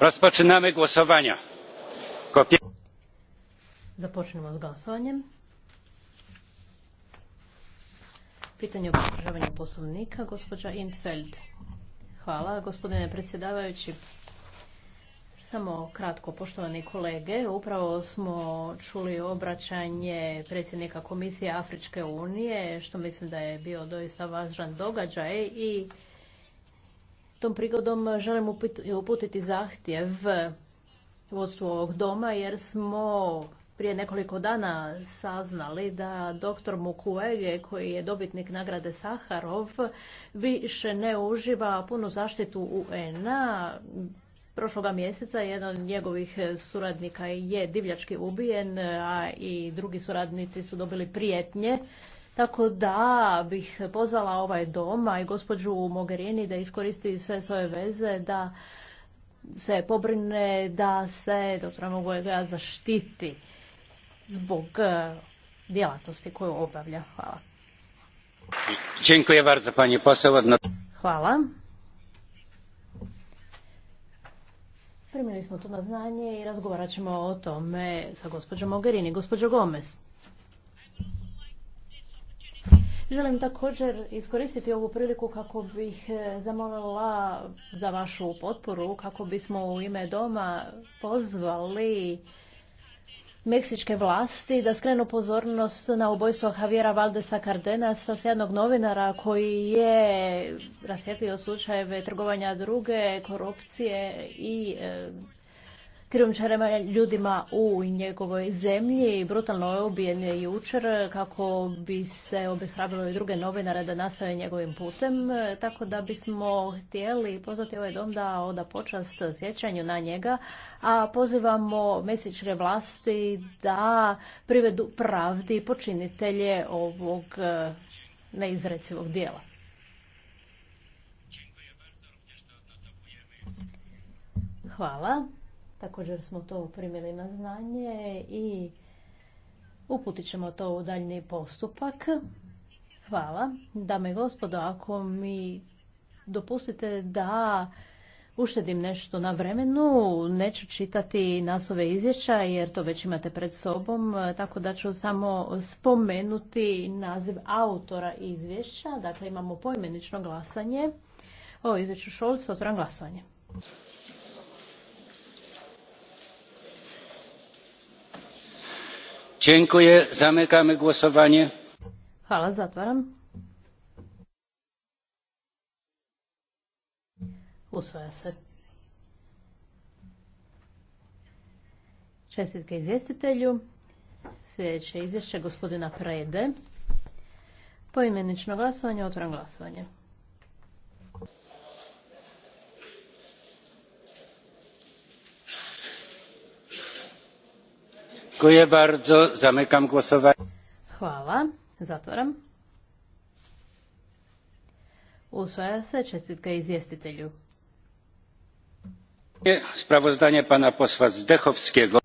Rozpoczynamy głosowania. Započnemo s glasovanjem. Pitanje o podržavanju poslovnika, gospođa Intfeld. Hvala, gospodine predsjedavajući. Samo kratko, poštovani kolege, upravo smo čuli obraćanje predsjednika Komisije Afričke unije, što mislim da je bio doista važan događaj i Tom prigodom e, želim uputiti zahtjev e, vodstvu ovog doma jer smo prije nekoliko dana saznali da dr. Mukwege, koji je dobitnik nagrade Saharov, više ne uživa punu zaštitu UN-a. Prošloga mjeseca jedan od njegovih suradnika je divljački ubijen, a i drugi suradnici su dobili prijetnje tako da bih pozvala ovaj dom, a i gospođu Mogherini da iskoristi sve svoje veze, da se pobrine da se doktora zaštiti zbog e, djelatnosti koju obavlja. Hvala. Dziękuję bardzo, poseł. Hvala. Primili smo to na znanje i razgovarat ćemo o tome sa gospođom Mogherini. Gospođo Gomez. Želim također iskoristiti ovu priliku kako bih e, zamolila za vašu potporu, kako bismo u ime doma pozvali meksičke vlasti da skrenu pozornost na ubojstvo Javiera Valdesa Cardenasa, jednog novinara koji je rasjetio slučajeve trgovanja druge, korupcije i e, krijumčarima ljudima u njegovoj zemlji. Brutalno je ubijen jučer kako bi se obeshrabilo i druge novinare da nastave njegovim putem. Tako da bismo htjeli pozvati ovaj dom da oda počast sjećanju na njega, a pozivamo mesičke vlasti da privedu pravdi počinitelje ovog eh, neizrecivog dijela. Hvala. Također smo to primili na znanje i uputit ćemo to u daljni postupak. Hvala. Dame i gospodo, ako mi dopustite da uštedim nešto na vremenu, neću čitati nasove izvješća jer to već imate pred sobom, tako da ću samo spomenuti naziv autora izvješća. Dakle, imamo poimenično glasanje o izvješću Šolca, otvoram glasovanje. Dziękuję. Zamykamy głosowanie. Hvala, zatvaram. Usvaja se. Čestitke izvjestitelju. Sljedeće izvješće gospodina Prede. Poimenično glasovanje, Otvaram glasovanje. Dziękuję bardzo. Zamykam głosowanie. Hvala. Zatvoram. Usvaja se čestitka izvjestitelju. Sprawozdanie pana posła Zdechowskiego.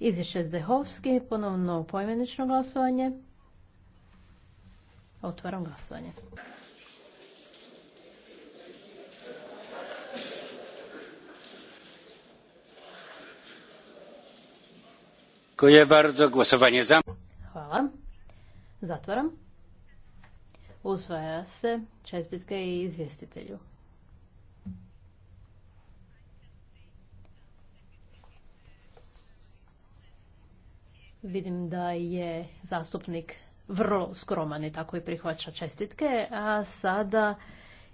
Izvješće Zdehovski, ponovno pojmenično glasovanje. Otvaram glasovanje. Hvala. Zatvaram. Usvaja se čestitke i izvjestitelju. Vidim da je zastupnik vrlo skroman i tako i prihvaća čestitke, a sada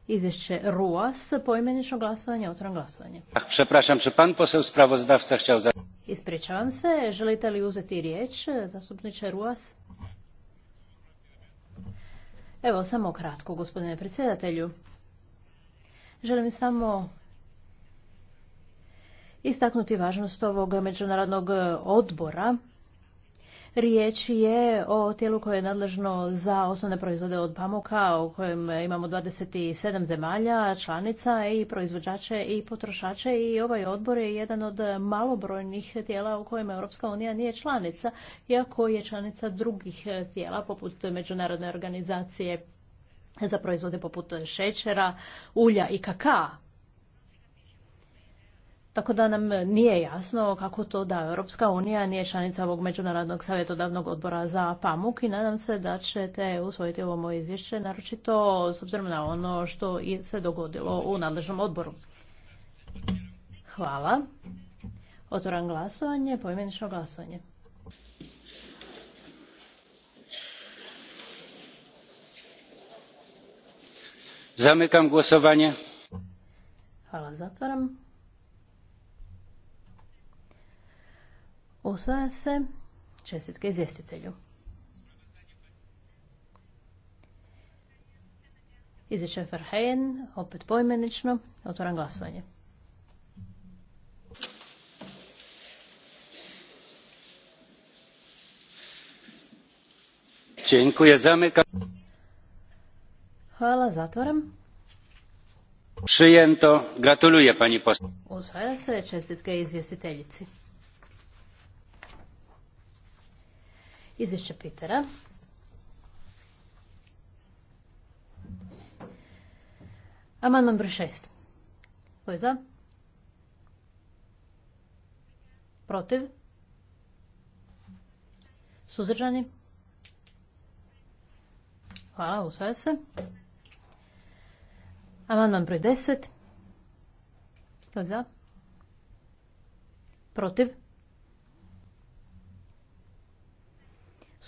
izvješće RUAS, poimenično glasovanje, otvoreno glasovanje. Przepraszam, czy pan poseł sprawozdawca chciał... Ispričavam se, želite li uzeti riječ, zastupniče Ruas? Evo, samo kratko, gospodine predsjedatelju. Želim samo istaknuti važnost ovog međunarodnog odbora Riječ je o tijelu koje je nadležno za osnovne proizvode od pamuka u kojem imamo 27 zemalja, članica i proizvođače i potrošače i ovaj odbor je jedan od malobrojnih tijela u kojem Europska unija nije članica, iako je članica drugih tijela poput Međunarodne organizacije za proizvode poput šećera, ulja i kakaa. Tako da nam nije jasno kako to da Europska unija nije članica ovog Međunarodnog savjetodavnog odbora za pamuk i nadam se da ćete usvojiti ovo moje izvješće, naročito s obzirom na ono što se dogodilo u nadležnom odboru. Hvala. Otvoram glasovanje, poimenično glasovanje. Zamykam głosowanie. Hvala, zatvaram. Osvaja se. Čestitke izvjestitelju. Izvješće Ferhejen, opet poimenično, otvoram glasovanje. Dziękuję, zamykam. Hvala, zatvoram. Šijento, Gratuluję pani posłanki. Usvaja se, čestitke izvjestiteljici. izvješće Pitera. Amandman broj šest. Tko je za? Protiv? Suzdržani? Hvala, usvaja se. Amandman broj deset. Tko je za? Protiv?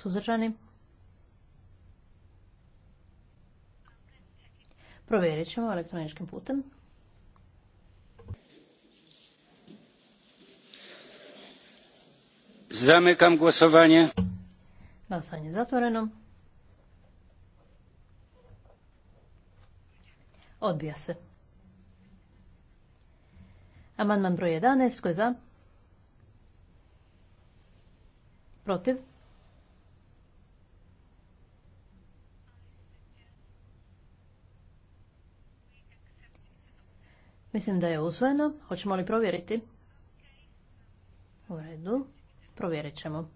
Suzdržani? Provjerit ćemo elektroničkim putem. Zamykam głosowanie. je zatvoreno. Odbija se. Amandman broj 11, koji je za? Protiv? Mislim da je usvojeno. Hoćemo li provjeriti? U redu. Provjerit ćemo.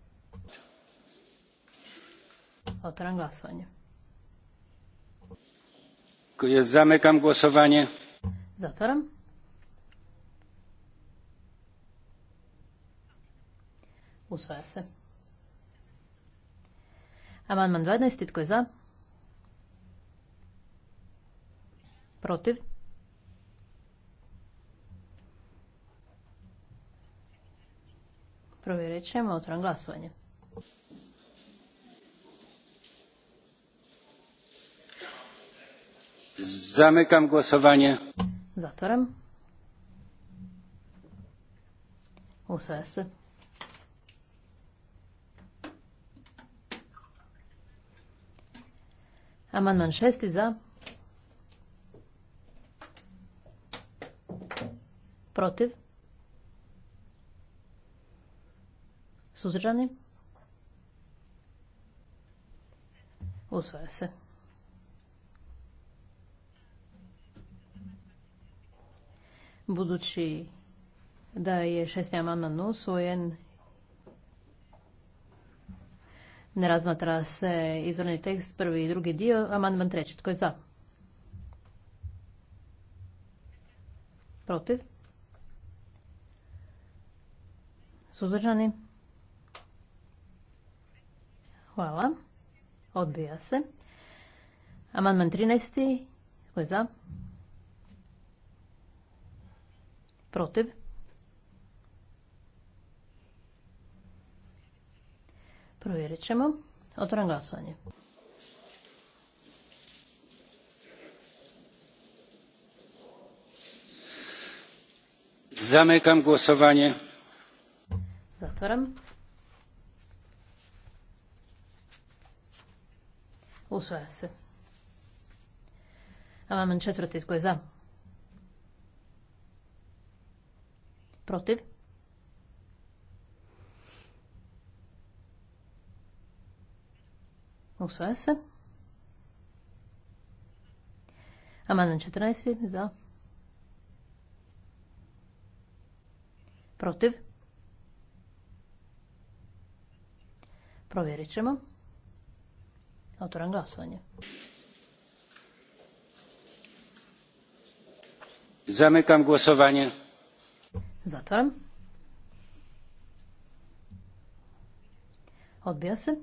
Otvaram glasovanje. Zamekam glasovanje. Zatvaram. Usvaja se. Amandman 12. Tko je za? Protiv? Provjerit ćemo otvoran glasovanje. Zamekam glasovanje. Zatvoram. Usvaja se. Amandman šesti za. Protiv. Suzdržani? Usvaja se. Budući da je šestnja amandman usvojen, ne razmatra se izvorni tekst prvi i drugi dio, amandman treći. Tko je za? Protiv? Suzdržani? Hvala. Odbija se. Amandman 13. Tko je za? Protiv? Provjerit ćemo. Otvoram glasovanje. Zamekam glasovanje. Zatvoram. Usvaja se. Amandman četvrti, tko je za? Protiv? Usvaja se. Amandman 14. Za. Protiv. Provjerit ćemo. Otvoram glasovanje. Zamekam glasovanje. Zatvaram. Odbija se.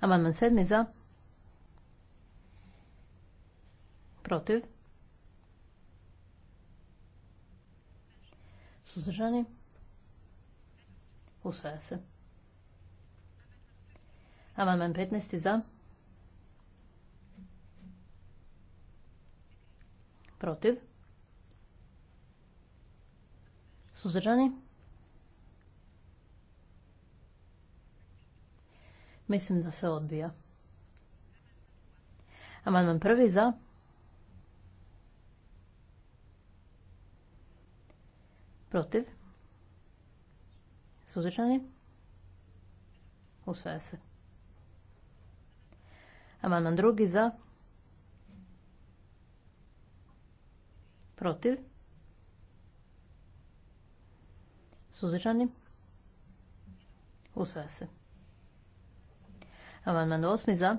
Amandman sedmi za. Protiv. Suzdržani. Usvaja se. Amandman 15. za. Protiv. Suzdržani. Mislim da se odbija. Amandman prvi za. Protiv. Suzdržani. Usvaja se. Amandman drugi za. Protiv. Suzdržani. Usvaja se. Amandman osmi za.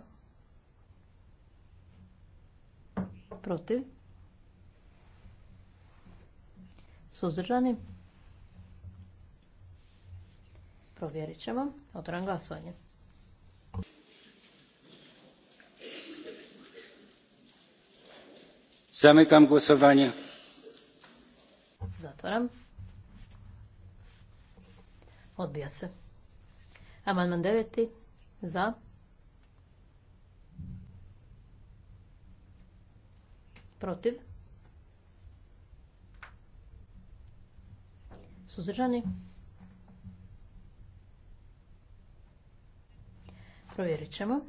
Protiv. Suzdržani. Provjerit ćemo. Otvoram glasovanje. Zamykam głosowanie. Zatvaram. Odbija se. Amandman deveti. Za. Protiv. Suzdržani. Provjerit ćemo.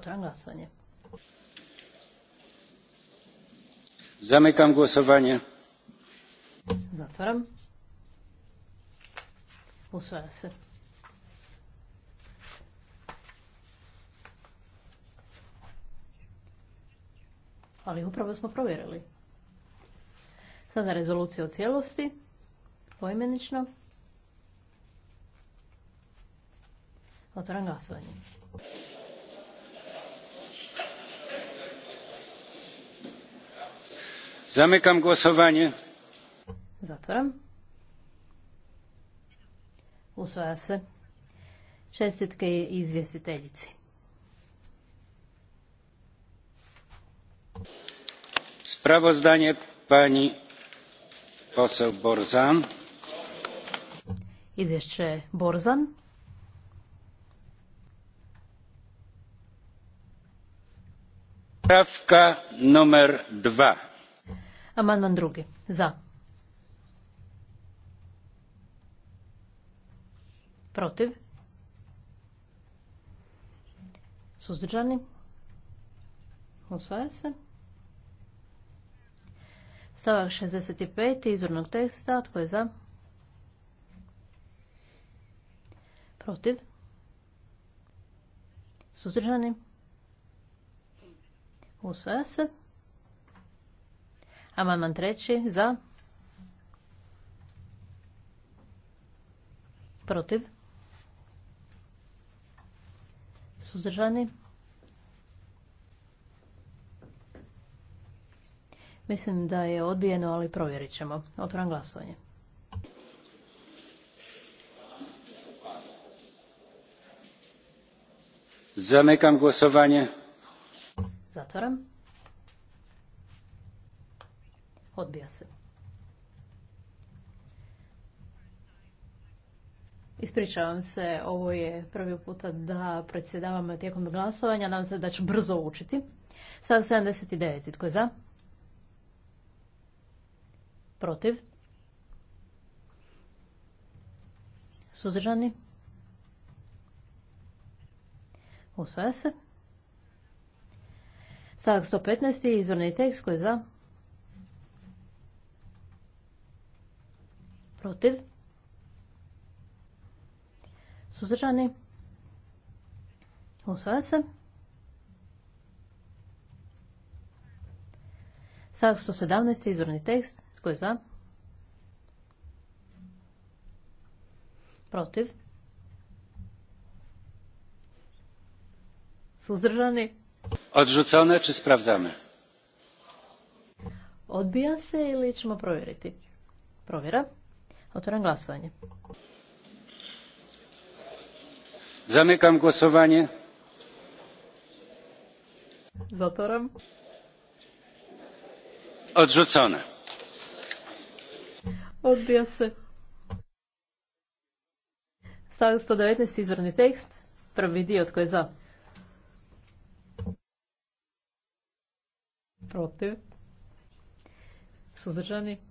Otvaram glasovanje. Zamekam glasovanje. Zatvaram. Usvaja se. Ali upravo smo provjerili. Sada rezolucija u cijelosti, poimenično. Otvoram glasovanje. Zamykam głosowanie. Zatvaram. Usvaja se. Čestitke izvjestiteljici. Sprawozdanie pani poseł Borzan. Izvješće Borzan. Poprawka numer dwa Amandman drugi. Za. Protiv. Suzdržani. Usvaja se. Stavak 65. izvornog teksta. Tko je za? Protiv. Suzdržani. Usvaja se. Amandman treći za. Protiv. Suzdržani. Mislim da je odbijeno, ali provjerit ćemo. Otvoram glasovanje. Zamekam glasovanje. Zatvoram. Odbija se. Ispričavam se, ovo je prvi puta da predsjedavam tijekom glasovanja. Nadam se da ću brzo učiti. Sad 79. Tko je za? Protiv? Suzdržani? Usvaja se. Stavak 115. Izvorni tekst Tko je za? Protiv? Suzdržani? Usvaja se. Stavak 117. izvorni tekst. Tko je za? Protiv? Suzdržani? Odrzucone czy sprawdzamy? Odbija se ili ćemo provjeriti? Provjera. Otvoram glasovanje. Zamekam glasovanje. Zatvoram. Odrzucone. Odbija se. Stavak 119, izvorni tekst. Prvi dio, tko je za? Protiv. Suzdržani.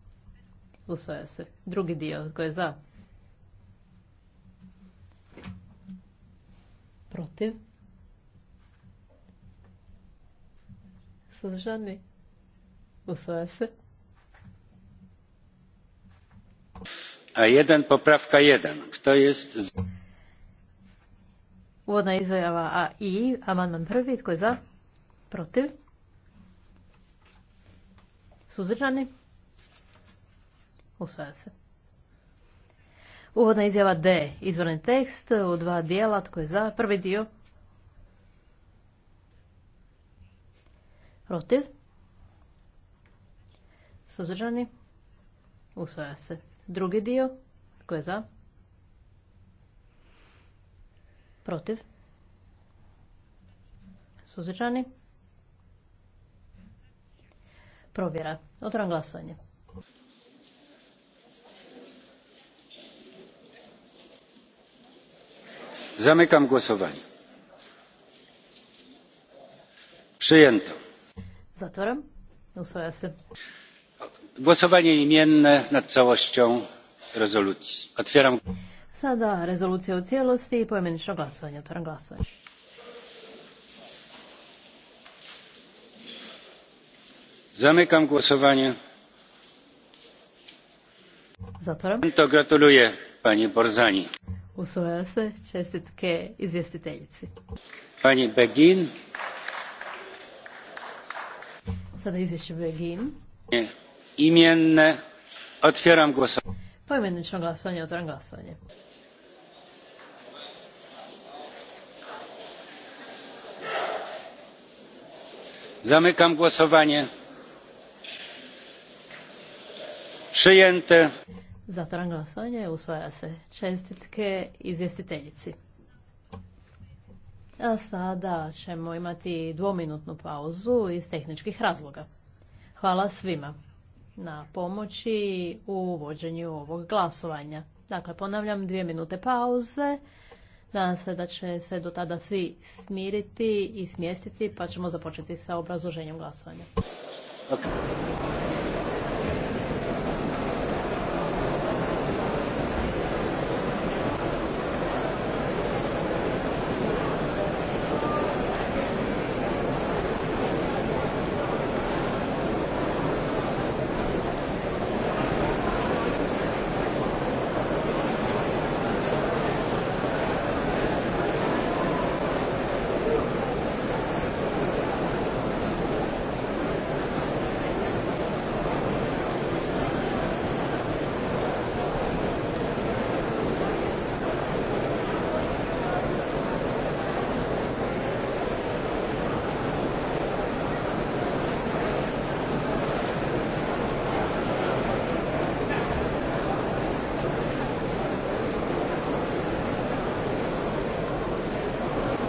Usvaja se. Drugi dio, tko je za? Protiv? Suzdržani? Usvaja se. A jedan, popravka jedan. Kto jest... Uvodna izjava A i amandman prvi, tko je za? Protiv? Suzdržani? Usvaja se. Uvodna izjava D. Izvorni tekst u dva dijela. Tko je za? Prvi dio. Protiv. Suzdržani. Usvaja se. Drugi dio. Tko je za? Protiv. Suzdržani. Provjera. Otvoram glasovanje. zamykam głosowanie przyjęto głosowanie imienne nad całością rezolucji otwieram sada rezolucję u cijelosti i poimenično glasovanje otwieram zamykam głosowanie zatworam to gratuluję pani borzani Usvoja se čestitke izvjestiteljici. Pani Begin. Sada izvješće Begin. Imjenne. Otvjeram glasovanje. Poimenično glasovanje, otvaram glasovanje. Zamykam głosowanie. Przyjęte. Zatvoran glasovanje usvaja se. Čestitke izvjestiteljici. A sada ćemo imati dvominutnu pauzu iz tehničkih razloga. Hvala svima na pomoći u uvođenju ovog glasovanja. Dakle, ponavljam, dvije minute pauze. Nadam se da će se do tada svi smiriti i smjestiti, pa ćemo započeti sa obrazloženjem glasovanja.